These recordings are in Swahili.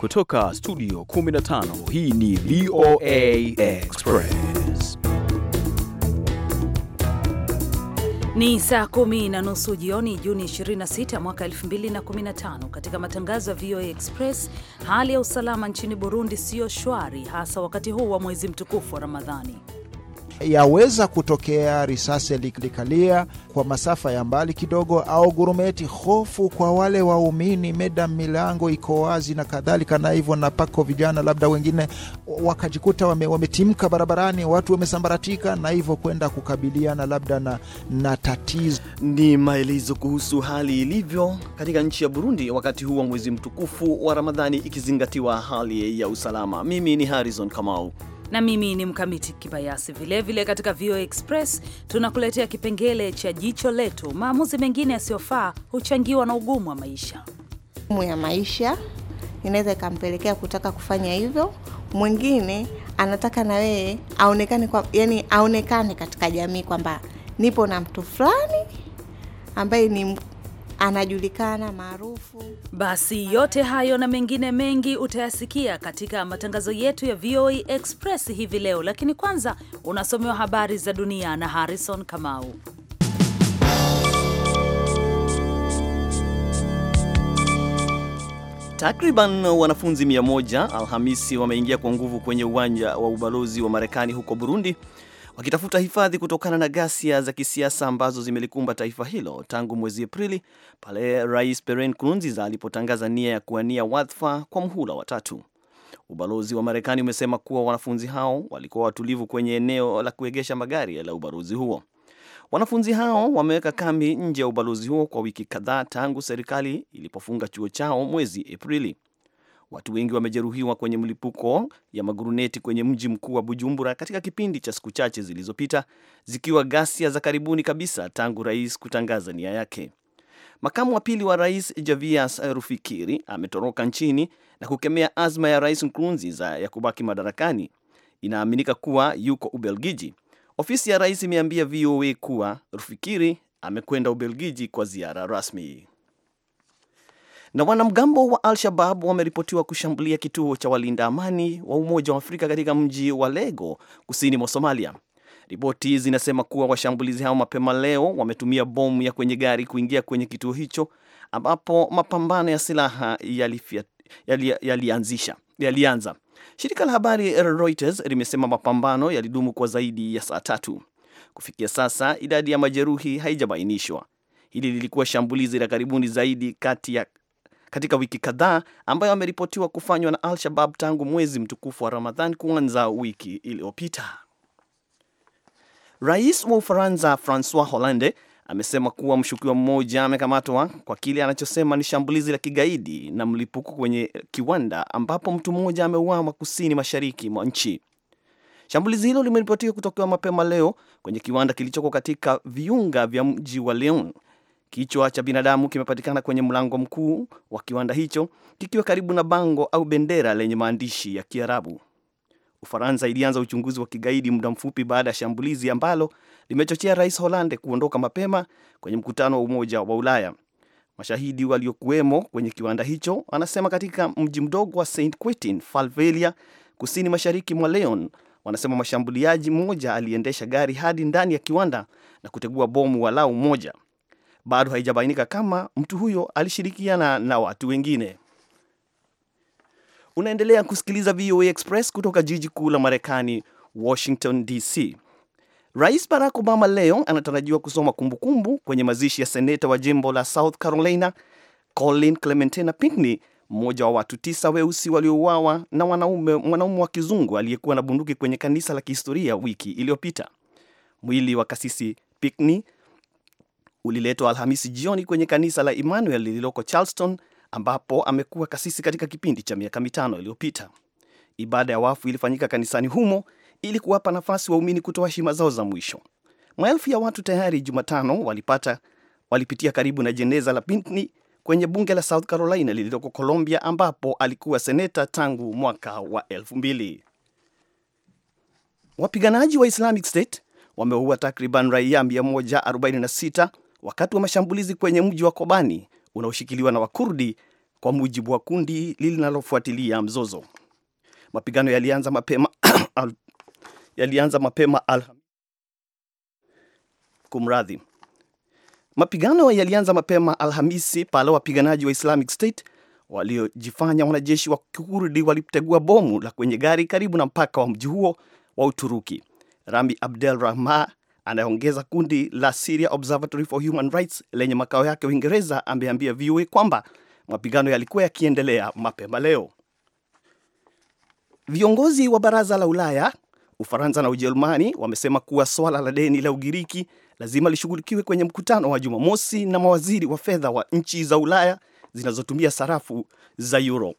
Kutoka studio 15 hii ni VOA Express. Ni saa kumi na nusu jioni, Juni 26 mwaka 2015. Katika matangazo ya VOA Express, hali ya usalama nchini Burundi siyo shwari, hasa wakati huu wa mwezi mtukufu wa Ramadhani yaweza kutokea risasi likalia kwa masafa ya mbali kidogo au gurumeti, hofu kwa wale waumini, meda milango iko wazi na kadhalika na hivyo, na pako vijana labda wengine wakajikuta wame, wametimka barabarani, watu wamesambaratika na hivyo kwenda kukabiliana labda na, na tatizo. Ni maelezo kuhusu hali ilivyo katika nchi ya Burundi wakati huu wa mwezi mtukufu wa Ramadhani, ikizingatiwa hali ya usalama. Mimi ni harizon Kamau na mimi ni Mkamiti Kibayasi. Vilevile katika VOA Express tunakuletea kipengele cha jicho letu. Maamuzi mengine yasiyofaa huchangiwa na ugumu wa maisha. Ugumu ya maisha inaweza ikampelekea kutaka kufanya hivyo. Mwingine anataka na wewe aonekane kwa, yani aonekane katika jamii kwamba nipo na mtu fulani ambaye ni anajulikana maarufu. Basi yote hayo na mengine mengi utayasikia katika matangazo yetu ya VOA e Express hivi leo, lakini kwanza unasomewa habari za dunia na Harrison Kamau. Takriban wanafunzi mia moja Alhamisi wameingia kwa nguvu kwenye uwanja wa ubalozi wa Marekani huko Burundi wakitafuta hifadhi kutokana na ghasia za kisiasa ambazo zimelikumba taifa hilo tangu mwezi Aprili pale Rais Pierre Nkurunziza alipotangaza nia ya kuwania wadhifa kwa mhula wa tatu. Ubalozi wa Marekani umesema kuwa wanafunzi hao walikuwa watulivu kwenye eneo la kuegesha magari la ubalozi huo. Wanafunzi hao wameweka kambi nje ya ubalozi huo kwa wiki kadhaa tangu serikali ilipofunga chuo chao mwezi Aprili. Watu wengi wamejeruhiwa kwenye mlipuko ya maguruneti kwenye mji mkuu wa Bujumbura katika kipindi cha siku chache zilizopita, zikiwa ghasia za karibuni kabisa tangu rais kutangaza nia yake. Makamu wa pili wa rais Javias Rufikiri ametoroka nchini na kukemea azma ya rais Nkurunziza ya kubaki madarakani. Inaaminika kuwa yuko Ubelgiji. Ofisi ya rais imeambia VOA kuwa Rufikiri amekwenda Ubelgiji kwa ziara rasmi. Na wanamgambo wa Al-Shabab wameripotiwa kushambulia kituo cha walinda amani wa Umoja wa Afrika katika mji wa Lego kusini mwa Somalia. Ripoti zinasema kuwa washambulizi hao mapema leo wametumia bomu ya kwenye gari kuingia kwenye kituo hicho ambapo mapambano ya silaha yalianzisha yalianza yali yali Shirika la habari Reuters limesema mapambano yalidumu kwa zaidi ya saa tatu. Kufikia sasa idadi ya majeruhi haijabainishwa. Hili lilikuwa shambulizi la karibuni zaidi kati ya katika wiki kadhaa ambayo ameripotiwa kufanywa na Al-Shabab tangu mwezi mtukufu wa Ramadhan kuanza wiki iliyopita. Rais wa Ufaransa Francois Hollande amesema kuwa mshukiwa mmoja amekamatwa kwa kile anachosema ni shambulizi la kigaidi na mlipuko kwenye kiwanda ambapo mtu mmoja ameuawa kusini mashariki mwa nchi. Shambulizi hilo limeripotiwa kutokewa mapema leo kwenye kiwanda kilichoko katika viunga vya mji wa Lyon Kichwa cha binadamu kimepatikana kwenye mlango mkuu wa kiwanda hicho kikiwa karibu na bango au bendera lenye maandishi ya Kiarabu. Ufaransa ilianza uchunguzi wa kigaidi muda mfupi baada ya shambulizi ambalo limechochea Rais Hollande kuondoka mapema kwenye mkutano wa Umoja wa Ulaya. Mashahidi waliokuwemo kwenye kiwanda hicho wanasema katika mji mdogo wa St Quentin Falvelia, kusini mashariki mwa Leon, wanasema mashambuliaji mmoja aliendesha gari hadi ndani ya kiwanda na kutegua bomu walau moja bado haijabainika kama mtu huyo alishirikiana na watu wengine. Unaendelea kusikiliza VOA Express kutoka jiji kuu la Marekani, Washington DC. Rais Barack Obama leo anatarajiwa kusoma kumbukumbu kumbu kwenye mazishi ya seneta wa jimbo la South Carolina Colin Clementina Pickney, mmoja wa watu tisa weusi waliouawa na mwanaume wa kizungu aliyekuwa na bunduki kwenye kanisa la kihistoria wiki iliyopita. Mwili wa kasisi Pickney uliletwa Alhamisi jioni kwenye kanisa la Emmanuel lililoko Charleston, ambapo amekuwa kasisi katika kipindi cha miaka mitano iliyopita. Ibada ya wafu ilifanyika kanisani humo ili kuwapa nafasi waumini kutoa heshima zao za mwisho. Maelfu ya watu tayari Jumatano walipata walipitia karibu na jeneza la Pinckney kwenye bunge la South Carolina lililoko Colombia, ambapo alikuwa seneta tangu mwaka wa elfu mbili. Wapiganaji wa Islamic State wameua takriban raia 146 wakati wa mashambulizi kwenye mji wa Kobani unaoshikiliwa na Wakurdi, kwa mujibu wa kundi linalofuatilia mzozo. Mapigano yalianza mapema al, yalianza mapema al, kumradhi, mapigano yalianza mapema Alhamisi pale wapiganaji wa Islamic State waliojifanya wanajeshi wa Kurdi walitegua bomu la kwenye gari karibu na mpaka wa mji huo wa Uturuki. Rami Abdel Rahma anayeongeza kundi la Syria Observatory for Human Rights lenye makao yake Uingereza ameambia VOA kwamba mapigano yalikuwa yakiendelea mapema leo. Viongozi wa Baraza la Ulaya, Ufaransa na Ujerumani wamesema kuwa swala la deni la Ugiriki lazima lishughulikiwe kwenye mkutano wa Jumamosi na mawaziri wa fedha wa nchi za Ulaya zinazotumia sarafu za euro.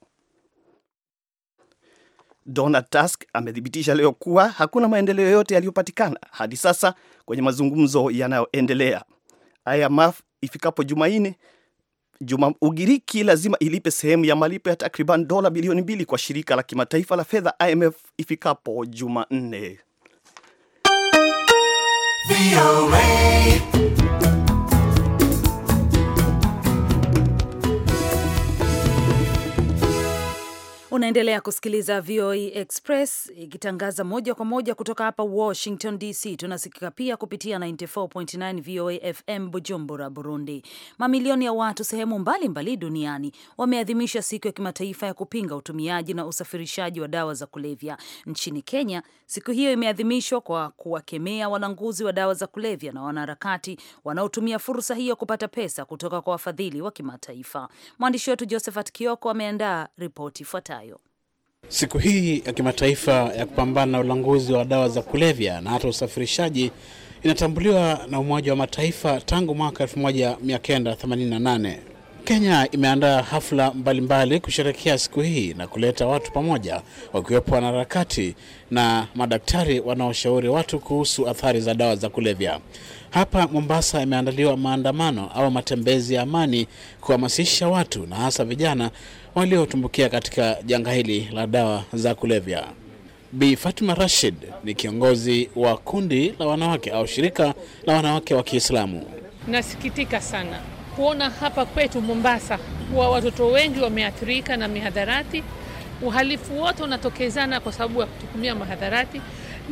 Donald Tusk amethibitisha leo kuwa hakuna maendeleo yote yaliyopatikana hadi sasa kwenye mazungumzo yanayoendelea. IMF ifikapo Jumanne Juma, Ugiriki lazima ilipe sehemu ya malipo ya takriban dola bilioni mbili kwa shirika la kimataifa la fedha IMF ifikapo Jumanne. Unaendelea kusikiliza VOA e Express ikitangaza moja kwa moja kutoka hapa Washington DC. Tunasikika pia kupitia 94.9 VOA FM Bujumbura, Burundi. Mamilioni ya watu sehemu mbalimbali mbali duniani wameadhimisha siku ya kimataifa ya kupinga utumiaji na usafirishaji wa dawa za kulevya. Nchini Kenya, siku hiyo imeadhimishwa kwa kuwakemea walanguzi wa dawa za kulevya na wanaharakati wanaotumia fursa hiyo kupata pesa kutoka kwa wafadhili wa kimataifa. Mwandishi wetu Josephat Kioko ameandaa ripoti ifuatayo. Siku hii ya kimataifa ya kupambana na ulanguzi wa dawa za kulevya na hata usafirishaji inatambuliwa na Umoja wa Mataifa tangu mwaka 1988. Kenya imeandaa hafla mbalimbali mbali kusherekea siku hii na kuleta watu pamoja, wakiwepo wanaharakati na madaktari wanaoshauri watu kuhusu athari za dawa za kulevya. Hapa Mombasa imeandaliwa maandamano au matembezi ya amani kuhamasisha watu na hasa vijana waliotumbukia katika janga hili la dawa za kulevya. Bi Fatima Rashid ni kiongozi wa kundi la wanawake au shirika la wanawake wa Kiislamu. Nasikitika sana kuona hapa kwetu Mombasa kuwa watoto wengi wameathirika na mihadharati. Uhalifu wote unatokezana kwa sababu ya kutukumia mahadharati,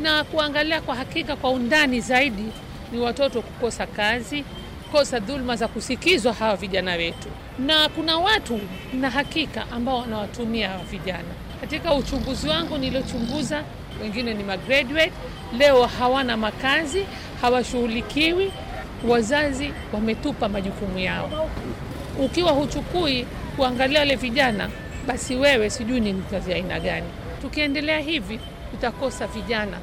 na kuangalia kwa hakika kwa undani zaidi ni watoto kukosa kazi, kukosa dhuluma za kusikizwa hawa vijana wetu, na kuna watu na hakika ambao wanawatumia hawa vijana. Katika uchunguzi wangu niliochunguza, wengine ni magraduate leo hawana makazi, hawashughulikiwi, wazazi wametupa majukumu yao. Ukiwa huchukui kuangalia wale vijana, basi wewe sijui ni mzazi aina gani. Tukiendelea hivi tutakosa vijana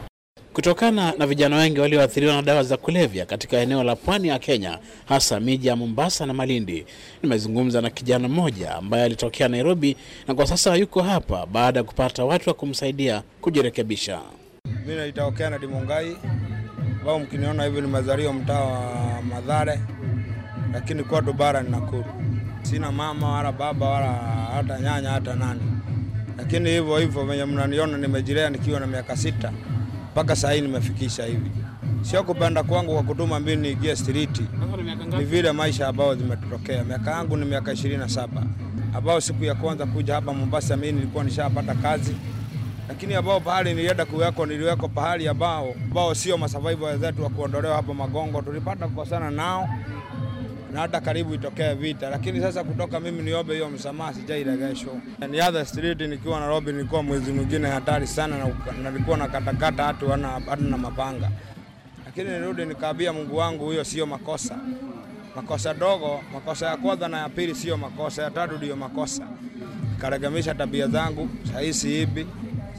kutokana na vijana wengi walioathiriwa na dawa za kulevya katika eneo la pwani ya Kenya, hasa miji ya Mombasa na Malindi. Nimezungumza na kijana mmoja ambaye alitokea Nairobi na kwa sasa yuko hapa baada ya kupata watu wa kumsaidia kujirekebisha. Mi naitokea na Dimongai ambao mkiniona hivi ni mtaa wa Madhare, lakini kwa bara ni Nakuru. Sina mama wala baba wala hata nyanya hata nani, lakini hivyo hivyo venye mnaniona nimejilea nikiwa na miaka sita mpaka saa hii nimefikisha hivi. Sio kupanda kwangu kwa kutuma mbili niingie street, ni vile maisha ambayo zimetutokea. Miaka yangu ni miaka ishirini na saba ambao siku ya kwanza kuja hapa Mombasa mimi nilikuwa nishapata kazi, lakini ambao pahali nilienda kuweko niliweko pahali ambao ambao sio masurvivor wenzetu wa kuondolewa hapa Magongo, tulipata kukosana nao na hata karibu itokee vita, lakini sasa kutoka mimi niombe hiyo msamaha, sijairegesho ni other street. Nikiwa Nairobi nilikuwa mwezi mwingine hatari sana, na nilikuwa nakatakata hatu hata na mapanga, lakini nirudi nikaambia Mungu wangu, hiyo sio makosa. Makosa dogo, makosa ya kwanza na ya pili sio makosa, ya tatu ndio makosa. Nikarekebisha tabia zangu, sahii siibi,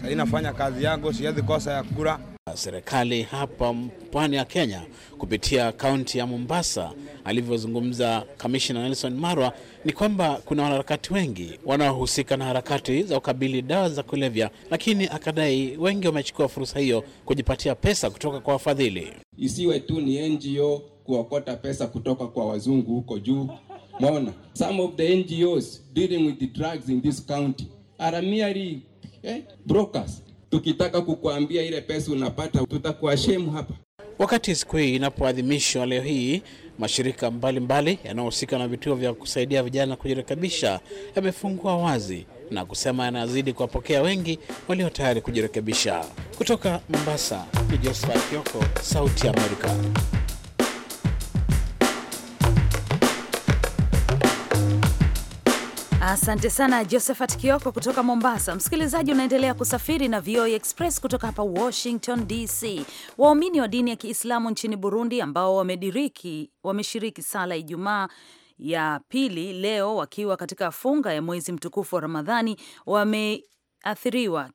sahii nafanya kazi yangu, siwezi kosa ya kula serikali hapa pwani ya Kenya kupitia kaunti ya Mombasa. Alivyozungumza kamishna Nelson Marwa ni kwamba kuna wanaharakati wengi wanaohusika na harakati za ukabili dawa za kulevya, lakini akadai wengi wamechukua fursa hiyo kujipatia pesa kutoka kwa wafadhili. Isiwe tu ni NGO kuokota pesa kutoka kwa wazungu huko juu. Mona, some of the NGOs dealing with the drugs in this county are merely eh, brokers tukitaka kukuambia ile pesa unapata, shemu hapa. Wakati siku hii inapoadhimishwa leo hii, mashirika mbalimbali yanayohusika na vituo vya kusaidia vijana kujirekebisha yamefungua wazi na kusema yanazidi kuwapokea wengi walio tayari kujirekebisha. Kutoka Mombasa ni Josephat Kioko, Sauti ya Amerika. Asante sana Josephat Kioko kutoka Mombasa. Msikilizaji, unaendelea kusafiri na VOA e Express kutoka hapa Washington DC. Waumini wa dini ya Kiislamu nchini Burundi ambao wamediriki wameshiriki sala Ijumaa ya pili leo wakiwa katika funga ya mwezi mtukufu wa Ramadhani wame athiriwa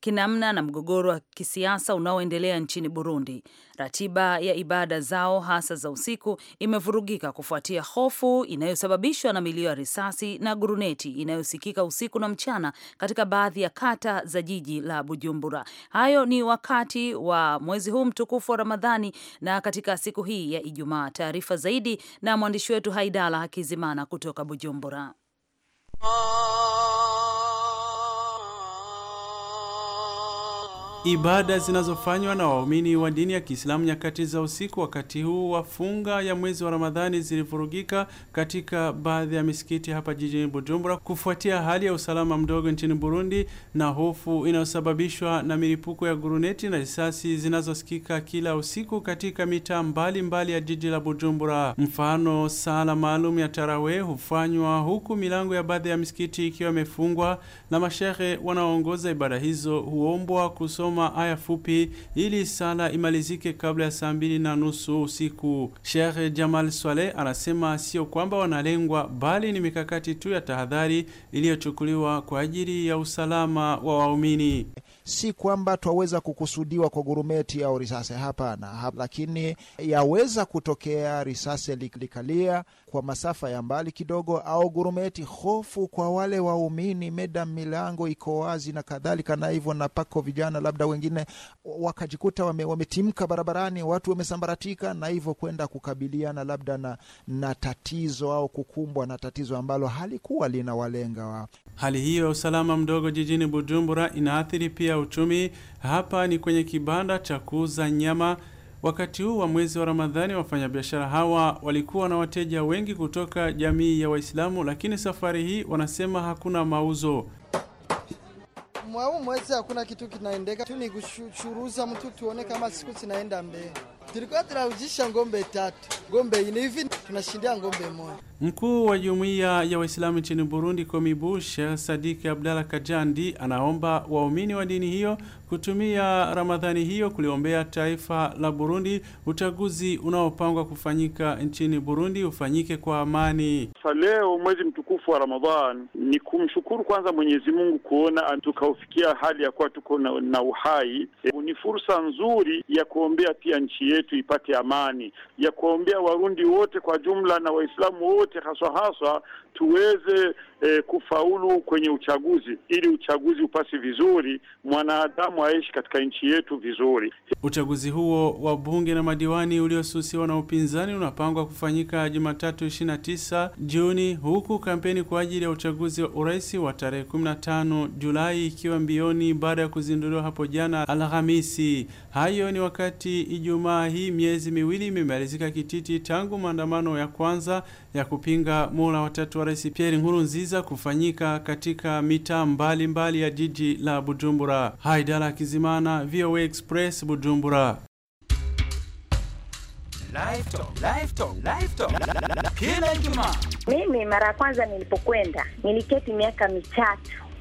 kinamna na mgogoro wa kisiasa unaoendelea nchini Burundi. Ratiba ya ibada zao hasa za usiku imevurugika kufuatia hofu inayosababishwa na milio ya risasi na guruneti inayosikika usiku na mchana katika baadhi ya kata za jiji la Bujumbura. Hayo ni wakati wa mwezi huu mtukufu wa Ramadhani na katika siku hii ya Ijumaa. Taarifa zaidi na mwandishi wetu Haidala Hakizimana kutoka Bujumbura. Ah. Ibada zinazofanywa na waumini wa dini ya Kiislamu nyakati za usiku wakati huu wa funga ya mwezi wa Ramadhani zilivurugika katika baadhi ya misikiti hapa jijini Bujumbura kufuatia hali ya usalama mdogo nchini Burundi na hofu inayosababishwa na milipuko ya guruneti na risasi zinazosikika kila usiku katika mitaa mbalimbali ya jiji la Bujumbura. Mfano, sala maalum ya tarawe hufanywa huku milango ya baadhi ya misikiti ikiwa imefungwa na mashehe wanaoongoza ibada hizo huombwa kusoma kusoma aya fupi ili sala imalizike kabla ya saa mbili na nusu usiku. Sheikh Jamal Swaleh anasema sio kwamba wanalengwa, bali ni mikakati tu ya tahadhari iliyochukuliwa kwa ajili ya usalama wa waumini si kwamba twaweza kukusudiwa kwa gurumeti au risasi, hapana hap, lakini yaweza kutokea risasi likalia kwa masafa ya mbali kidogo, au gurumeti. Hofu kwa wale waumini, meda milango iko wazi na kadhalika, na hivyo na pako vijana labda wengine wakajikuta wame, wametimka barabarani, watu wamesambaratika, na hivyo kwenda kukabiliana labda na, na tatizo au kukumbwa na tatizo ambalo halikuwa linawalenga wao. Hali hiyo ya usalama mdogo jijini Bujumbura inaathiri pia uchumi. Hapa ni kwenye kibanda cha kuuza nyama. Wakati huu wa mwezi wa Ramadhani, wafanyabiashara hawa walikuwa na wateja wengi kutoka jamii ya Waislamu, lakini safari hii wanasema hakuna mauzo. Mwau mwezi hakuna kitu kinaendeka tu, ni kushuruza mtu tuone kama siku zinaenda mbele. Tulikuwa tunauzisha ng'ombe tatu, ng'ombe ine hivi tunashindia ng'ombe moja. Mkuu wa jumuiya ya Waislamu nchini Burundi, Komibu, Sheikh Sadiki Abdalla Kajandi, anaomba waumini wa dini hiyo kutumia Ramadhani hiyo kuliombea taifa la Burundi, uchaguzi unaopangwa kufanyika nchini Burundi ufanyike kwa amani. Leo mwezi mtukufu wa Ramadhani ni kumshukuru kwanza Mwenyezi Mungu kuona tukaufikia hali ya kuwa tuko na, na uhai. E, ni fursa nzuri ya kuombea pia nchi yetu ipate amani, ya kuombea Warundi wote kwa jumla na Waislamu wote haswa haswa tuweze e, kufaulu kwenye uchaguzi ili uchaguzi upasi vizuri mwanadamu binadamu aishi katika nchi yetu vizuri. Uchaguzi huo wa bunge na madiwani uliosusiwa na upinzani unapangwa kufanyika Jumatatu 29 Juni, huku kampeni kwa ajili ya uchaguzi wa urais wa tarehe 15 Julai ikiwa mbioni baada ya kuzinduliwa hapo jana Alhamisi. Hayo ni wakati Ijumaa hii miezi miwili imemalizika kititi tangu maandamano ya kwanza ya kupinga mula watatu wa Rais Pierre Nkurunziza kufanyika katika mitaa mbalimbali ya jiji la Bujumbura. Haidara Kizimana, VOA Express, Bujumbura. Live live live Kila Ijumaa. Mimi mara ya kwanza nilipokwenda niliketi miaka mitatu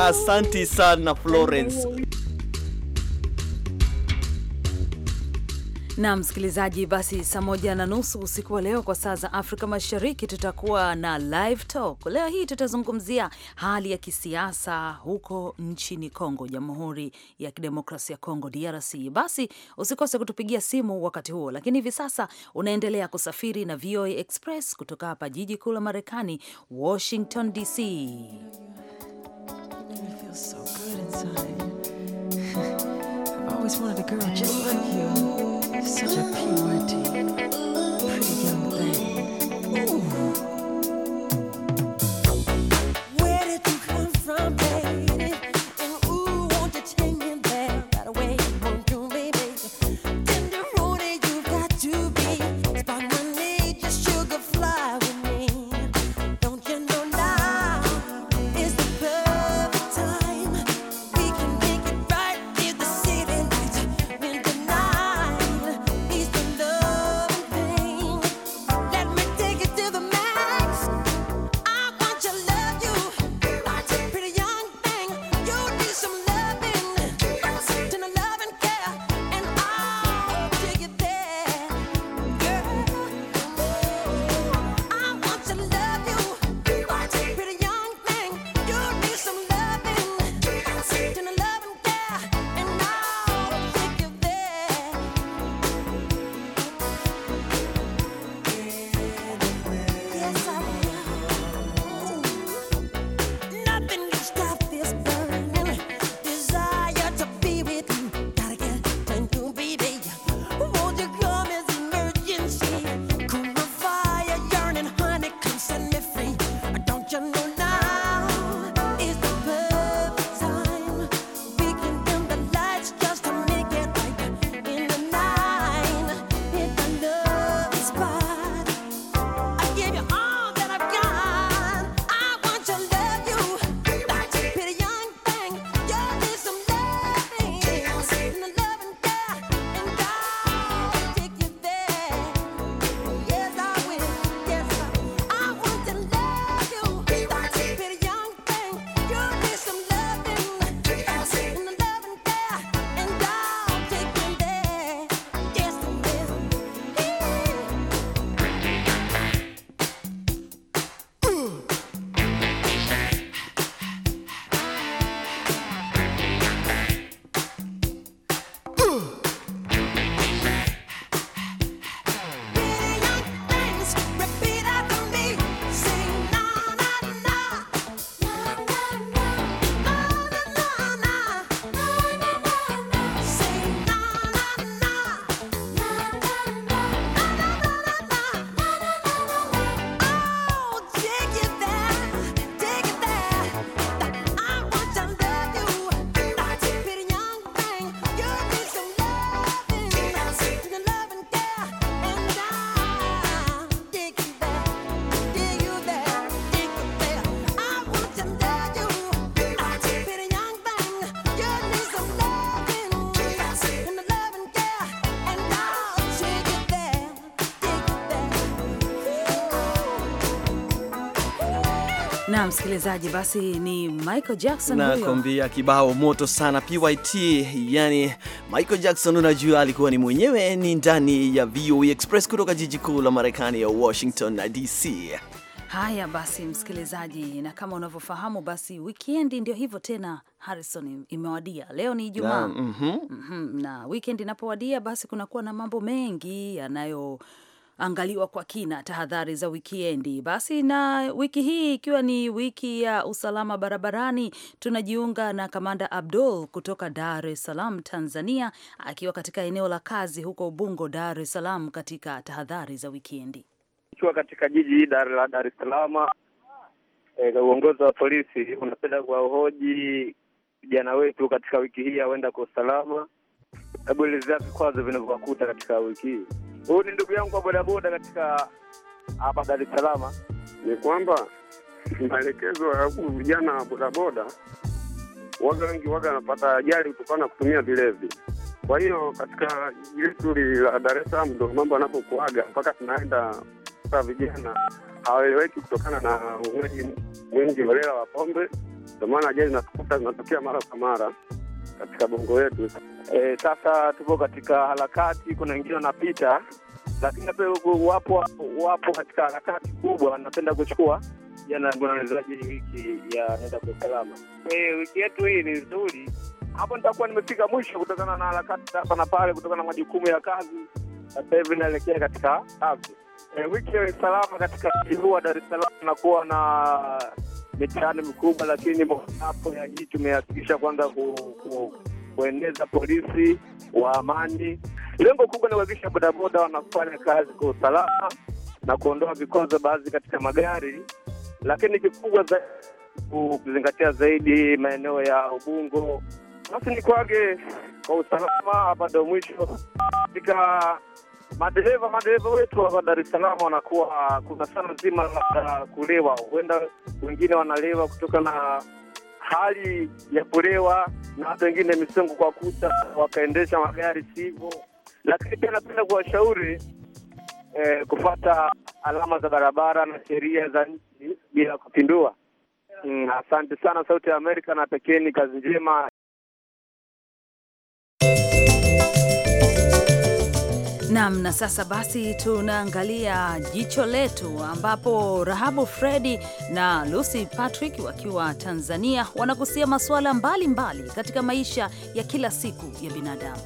Asanti sana Florence. na msikilizaji, basi saa moja na nusu usiku wa leo kwa saa za Afrika Mashariki tutakuwa na live talk. Leo hii tutazungumzia hali ya kisiasa huko nchini Kongo, Jamhuri ya Kidemokrasia ya Kongo, DRC. Basi usikose kutupigia simu wakati huo, lakini hivi sasa unaendelea kusafiri na VOA Express kutoka hapa jiji kuu la Marekani, Washington DC. such a purity. msikilizaji, basi ni Michael Jackson na nakwambia kibao moto sana PYT. Yani Michael Jackson unajua alikuwa ni mwenyewe, ni ndani ya VOA e Express kutoka jiji kuu la Marekani ya Washington na DC. Haya basi, msikilizaji, na kama unavyofahamu basi wikendi ndio hivyo tena, Harrison, imewadia. Leo ni Ijumaa na, mm -hmm. mm -hmm. na wikendi inapowadia basi kunakuwa na mambo mengi yanayo angaliwa kwa kina tahadhari za wikiendi. Basi na wiki hii ikiwa ni wiki ya usalama barabarani, tunajiunga na Kamanda Abdul kutoka Dar es Salaam, Tanzania, akiwa katika eneo la kazi huko Ubungo, Dar es Salaam, katika tahadhari za wikiendi. Ikiwa katika jiji dar la Dar es Salaam, e, uongozi wa polisi unapenda kuwahoji vijana wetu katika wiki hii awenda kwa usalama. Hebu elezea vikwazo vinavyowakuta katika wiki hii. Huyu ni ndugu yangu wa bodaboda katika hapa Dar es Salaam. Ni kwamba maelekezo ya huku vijana wa bodaboda waga wengi waga wanapata ajali kutokana na kutumia vilevi. Kwa hiyo katika jituri la Dar es Salaam ndo mambo yanapokuaga mpaka tunaenda a vijana hawaeleweki kutokana na unywaji mwingi holela wa pombe, ndo maana ajali zinatukuta zinatokea mara kwa mara katika bongo yetu. E, sasa tupo katika harakati, kuna wengine wanapita, lakini wapo wapo katika harakati kubwa, napenda kuchukua jana mwenezaji wiki ya naenda kwa usalama. E, wiki yetu hii ni nzuri, hapo nitakuwa nimefika mwisho kutokana na harakati hapa na pale, kutokana na majukumu ya kazi. Sasa hivi naelekea katika afya. E, wiki ya usalama katika mji huu wa Dar es Salaam nakuwa na mitaani mikubwa, lakini mojawapo ya hii tumehakikisha kwanza ku, ku, kueneza polisi wa amani. Lengo kubwa ni kuhakikisha bodaboda wanafanya kazi kwa usalama na kuondoa vikwazo baadhi katika magari, lakini kikubwa zaidi kuzingatia zaidi maeneo ya Ubungo. Basi nikwage kwa usalama. Hapa ndo mwisho katika madereva madereva wetu hapa Dar es Salaam wanakuwa kuna sana zima la kulewa, huenda wengine wanalewa kutoka na hali ya kulewa, na hata wengine misongo kwa kuta, wakaendesha magari sivyo. Lakini pia napenda kuwashauri eh, kufata alama za barabara na sheria za nchi bila kupindua. Mm, asante sana Sauti ya Amerika na pekeni, kazi njema. Nam, na sasa basi tunaangalia jicho letu, ambapo Rahabu Fredi na Lucy Patrick wakiwa Tanzania wanagusia masuala mbalimbali katika maisha ya kila siku ya binadamu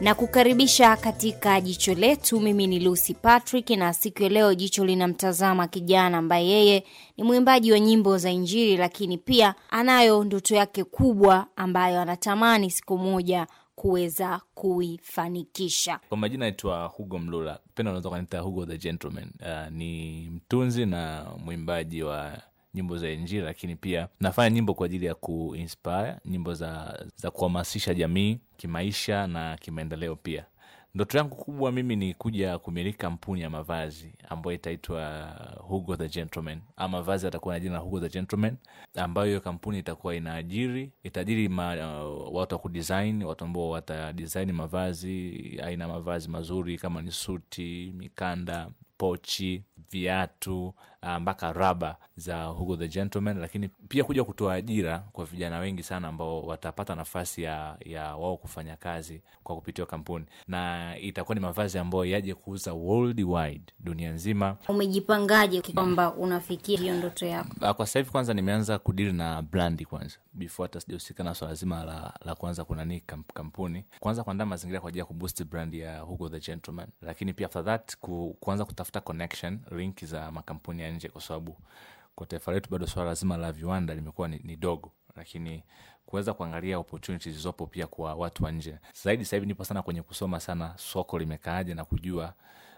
na kukaribisha katika jicho letu. Mimi ni Lucy Patrick, na siku ya leo jicho linamtazama kijana ambaye yeye ni mwimbaji wa nyimbo za Injili, lakini pia anayo ndoto yake kubwa ambayo anatamani siku moja kuweza kuifanikisha. Kwa majina naitwa Hugo Mlula, penda unaweza kanita Hugo the Gentleman. Uh, ni mtunzi na mwimbaji wa nyimbo za Injili, lakini pia nafanya nyimbo kwa ajili ya kuinspire, nyimbo za, za kuhamasisha jamii kimaisha na kimaendeleo pia. Ndoto yangu kubwa mimi ni kuja kumiliki kampuni ya mavazi ambayo itaitwa Hugo the Gentleman, ama mavazi atakuwa na jina Hugo the Gentleman, ambayo hiyo kampuni itakuwa inaajiri itaajiri ma, uh, watu wa kudsin watu ambao watadisaini mavazi, aina mavazi mazuri kama ni suti, mikanda, pochi, viatu Ah, mpaka raba za Hugo the Gentleman, lakini pia kuja kutoa ajira kwa vijana wengi sana ambao watapata nafasi ya, ya wao kufanya kazi kwa kupitia kampuni, na itakuwa ni mavazi ambayo yaje kuuza worldwide, dunia nzima. Umejipangaje kwamba unafikia hiyo ndoto yako? Ah, kwa sasa hivi kwanza nimeanza kudili na brandi kwanza before hata sijahusika na swala zima la, la kuanza kunani kampuni, kwanza kuandaa mazingira kwa ajili ya kuboost brand ya Hugo the Gentleman, lakini pia after that ku, kuanza kutafuta connection link za makampuni ya nje, kwa sababu kwa taifa letu bado swala lazima la viwanda limekuwa ni, ni dogo, lakini kuweza kuangalia opportunities zilizopo pia kwa watu wa nje zaidi. sahivi nipo sana kwenye kusoma sana soko limekaaje na kujua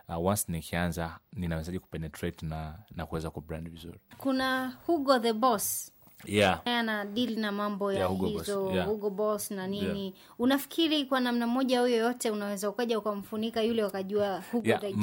uh, once nikianza ninawezaji kupenetrate na, na kuweza kubrand vizuri. Kuna Hugo the Boss yeah. Ana dili na mambo ya yeah, Hugo hizo Boss. Yeah. Hugo Boss na nini yeah. Unafikiri kwa namna moja au yoyote unaweza ukaja ukamfunika yule wakajua Hugo yeah, the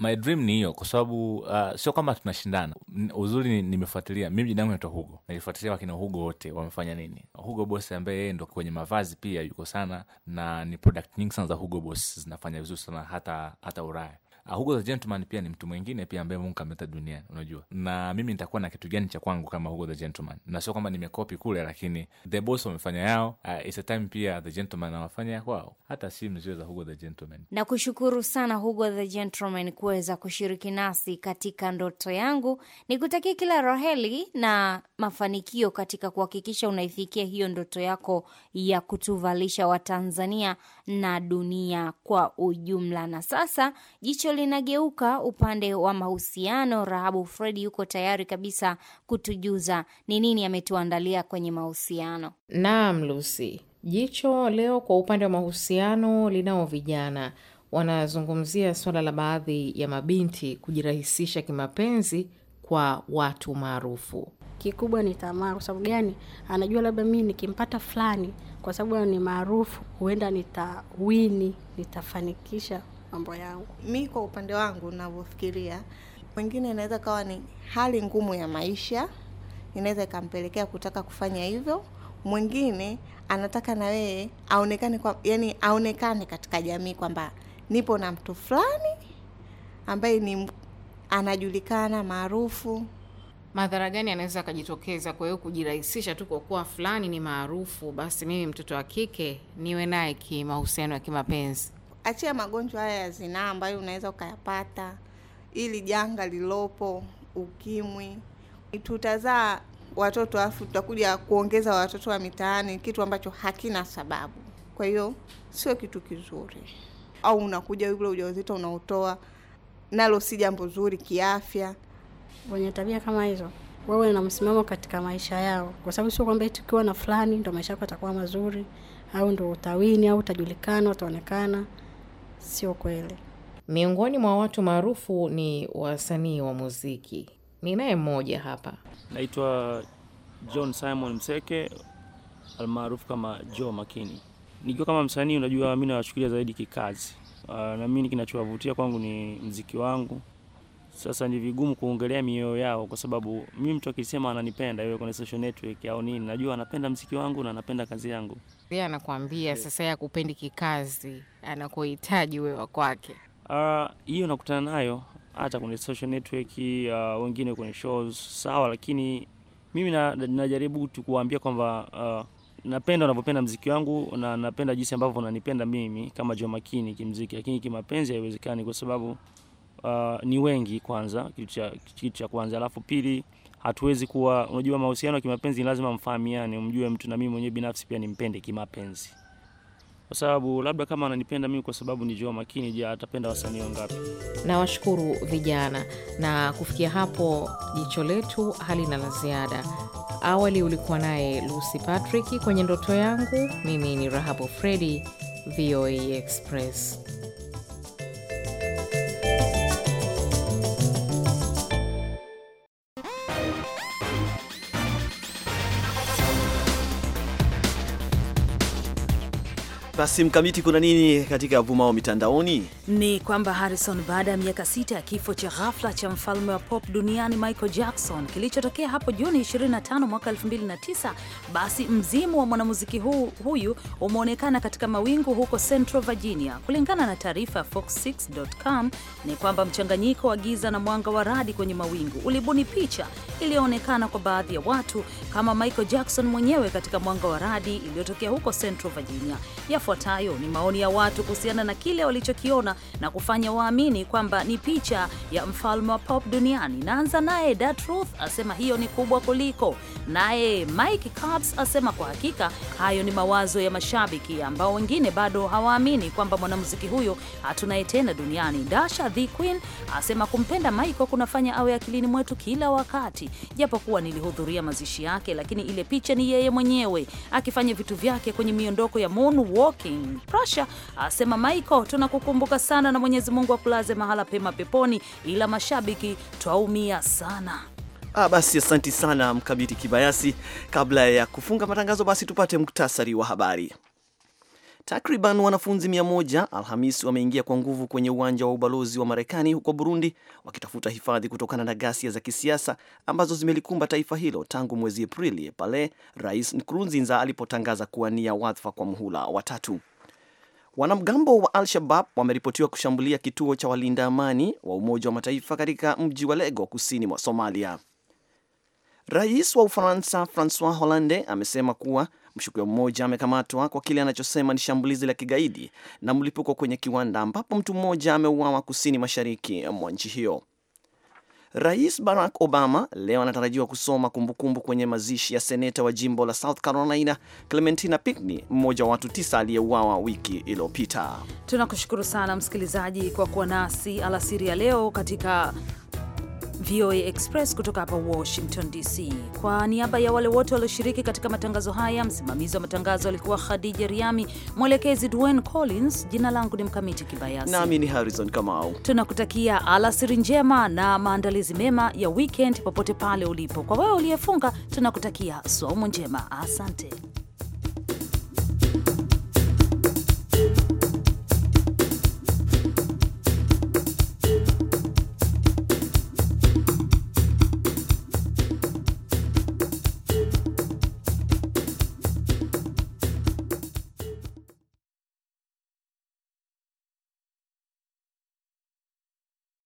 my dream ni hiyo kwa sababu uh, sio kama tunashindana uzuri nimefuatilia mimi jidangu yangu naitwa hugo nilifuatilia wakina hugo wote wamefanya nini hugo bos ambaye yeye ndo kwenye mavazi pia yuko sana na ni product nyingi sana za hugo bos zinafanya vizuri sana hata hata uraya Hugo ah, the Gentleman pia ni mtu mwingine pia ambaye Mungu duniani, unajua. Na mimi nitakuwa na kitu gani cha kwangu kama Hugo the Gentleman? Na sio kwamba nimekopi kule, lakini the boss wamefanya yao. Uh, a time pia the gentleman kwao, hata simu za Hugo the Gentleman. Nakushukuru sana Hugo the Gentleman kuweza kushiriki nasi katika ndoto yangu. nikutakie kila roheli na mafanikio katika kuhakikisha unaifikia hiyo ndoto yako ya kutuvalisha Watanzania na dunia kwa ujumla. Na sasa jicho hilo linageuka upande wa mahusiano. Rahabu Fredi yuko tayari kabisa kutujuza ni nini ametuandalia kwenye mahusiano. Naam Lucy, jicho leo kwa upande wa mahusiano linao vijana wanazungumzia suala la baadhi ya mabinti kujirahisisha kimapenzi kwa watu maarufu. Kikubwa ni tamaa. Kwa sababu gani? Anajua labda mimi nikimpata fulani, kwa sababu ni maarufu, huenda nitawini, nitafanikisha mambo yangu. Mi kwa upande wangu navyofikiria, wengine inaweza kawa ni hali ngumu ya maisha, inaweza ikampelekea kutaka kufanya hivyo. Mwingine anataka na wewe aonekane kwa, yani aonekane katika jamii kwamba nipo na mtu fulani ambaye ni anajulikana maarufu. Madhara gani anaweza akajitokeza? Kwa hiyo kujirahisisha tu kwa kuwa fulani ni maarufu, basi mimi mtoto wa kike niwe naye kimahusiano ya kimapenzi achia magonjwa haya ya zinaa ambayo unaweza ukayapata, ili janga lilopo ukimwi, tutazaa watoto afu tutakuja kuongeza watoto wa mitaani, kitu ambacho hakina sababu. Kwa hiyo sio kitu kizuri, au unakuja ule ujauzito unaotoa, nalo si jambo zuri kiafya. Wenye tabia kama hizo wewe na msimamo katika maisha yao, kwa sababu sio kwamba tukiwa na fulani ndo maisha yako yatakuwa mazuri, au ndo utawini au utajulikana, utaonekana sio kweli. Miongoni mwa watu maarufu ni wasanii wa muziki. Ninaye mmoja hapa, naitwa John Simon Mseke almaarufu kama Joe Makini. Nikiwa kama msanii, unajua mi nawashukulia zaidi kikazi, ah, na mimi kinachowavutia kwangu ni mziki wangu sasa ni vigumu kuongelea mioyo yao, kwa sababu mimi mtu akisema ananipenda iwe kwenye social network au nini, najua anapenda mziki wangu na anapenda kazi yangu. Yeye anakuambia sasa yeye akupendi kikazi, anakuhitaji wewe kwake. Ah, hiyo uh, nakutana nayo hata kwenye social network uh, wengine kwenye shows sawa, lakini mimi na, najaribu tu kuambia kwamba uh, napenda unavyopenda mziki wangu na napenda jinsi ambavyo unanipenda mimi kama Joh Makini kimziki, lakini kimapenzi haiwezekani kwa sababu uh, ni wengi kwanza, kitu cha kwanza, alafu pili hatuwezi kuwa unajua, mahusiano ya kimapenzi ni lazima mfahamiane, umjue mtu, na mimi mwenyewe binafsi pia nimpende kimapenzi, kwa sababu labda kama ananipenda mimi kwa sababu ni Joh Makini, je, atapenda wasanii wangapi? nawashukuru vijana. Na kufikia hapo, jicho letu halina la ziada. Awali ulikuwa naye Lucy Patrick kwenye ndoto yangu. Mimi ni Rahabu Fredi, VOA Express. Basi mkamiti, kuna nini katika vumao mitandaoni? Ni kwamba Harrison, baada ya miaka sita ya kifo cha ghafla cha mfalme wa pop duniani Michael Jackson kilichotokea hapo Juni 25 mwaka 2009, basi mzimu wa mwanamuziki huu, huyu umeonekana katika mawingu huko Central Virginia. Kulingana na taarifa ya Fox6.com ni kwamba mchanganyiko wa giza na mwanga wa radi kwenye mawingu ulibuni picha iliyoonekana kwa baadhi ya watu kama Michael Jackson mwenyewe katika mwanga wa radi iliyotokea huko Central Virginia ya Yafuatayo ni maoni ya watu kuhusiana na kile walichokiona na kufanya waamini kwamba ni picha ya mfalme wa pop duniani. Naanza naye Truth asema hiyo ni kubwa kuliko. Naye Mike Cubs asema kwa hakika hayo ni mawazo ya mashabiki ambao wengine bado hawaamini kwamba mwanamuziki huyo hatunaye tena duniani. Dasha the Queen asema kumpenda Michael kunafanya awe akilini mwetu kila wakati, japokuwa nilihudhuria mazishi yake, lakini ile picha ni yeye mwenyewe akifanya vitu vyake kwenye miondoko ya moonwalk King. Prasha asema Michael, tunakukumbuka sana na Mwenyezi Mungu akulaze mahala pema peponi, ila mashabiki twaumia sana. Ah, basi asanti sana Mkabiti Kibayasi. Kabla ya kufunga matangazo, basi tupate muktasari wa habari. Takriban wanafunzi mia moja Alhamis wameingia kwa nguvu kwenye uwanja wa ubalozi wa Marekani huko Burundi wakitafuta hifadhi kutokana na ghasia za kisiasa ambazo zimelikumba taifa hilo tangu mwezi Aprili pale Rais Nkurunziza alipotangaza kuwania wadhifa kwa muhula watatu. Wanamgambo wa Al-Shabab wameripotiwa kushambulia kituo cha walinda amani wa Umoja wa Mataifa katika mji wa Lego kusini mwa Somalia. Rais wa Ufaransa Francois Hollande amesema kuwa mshukiwa mmoja amekamatwa kwa kile anachosema ni shambulizi la kigaidi na mlipuko kwenye kiwanda ambapo mtu mmoja ameuawa kusini mashariki mwa nchi hiyo. Rais Barack Obama leo anatarajiwa kusoma kumbukumbu kwenye mazishi ya seneta wa jimbo la South Carolina Clementina Pickney, mmoja wa watu tisa aliyeuawa wiki iliyopita. Tunakushukuru sana msikilizaji kwa kuwa nasi alasiri ya leo katika VOA Express kutoka hapa Washington DC. Kwa niaba ya wale wote walioshiriki katika matangazo haya, msimamizi wa matangazo alikuwa Khadija Riami, mwelekezi Dwayne Collins, jina langu ni Mkamiti Kibayasi nami ni Harrison Kamau. Tunakutakia alasiri njema na maandalizi mema ya weekend popote pale ulipo. Kwa wewe uliyefunga, tunakutakia somo njema. Asante.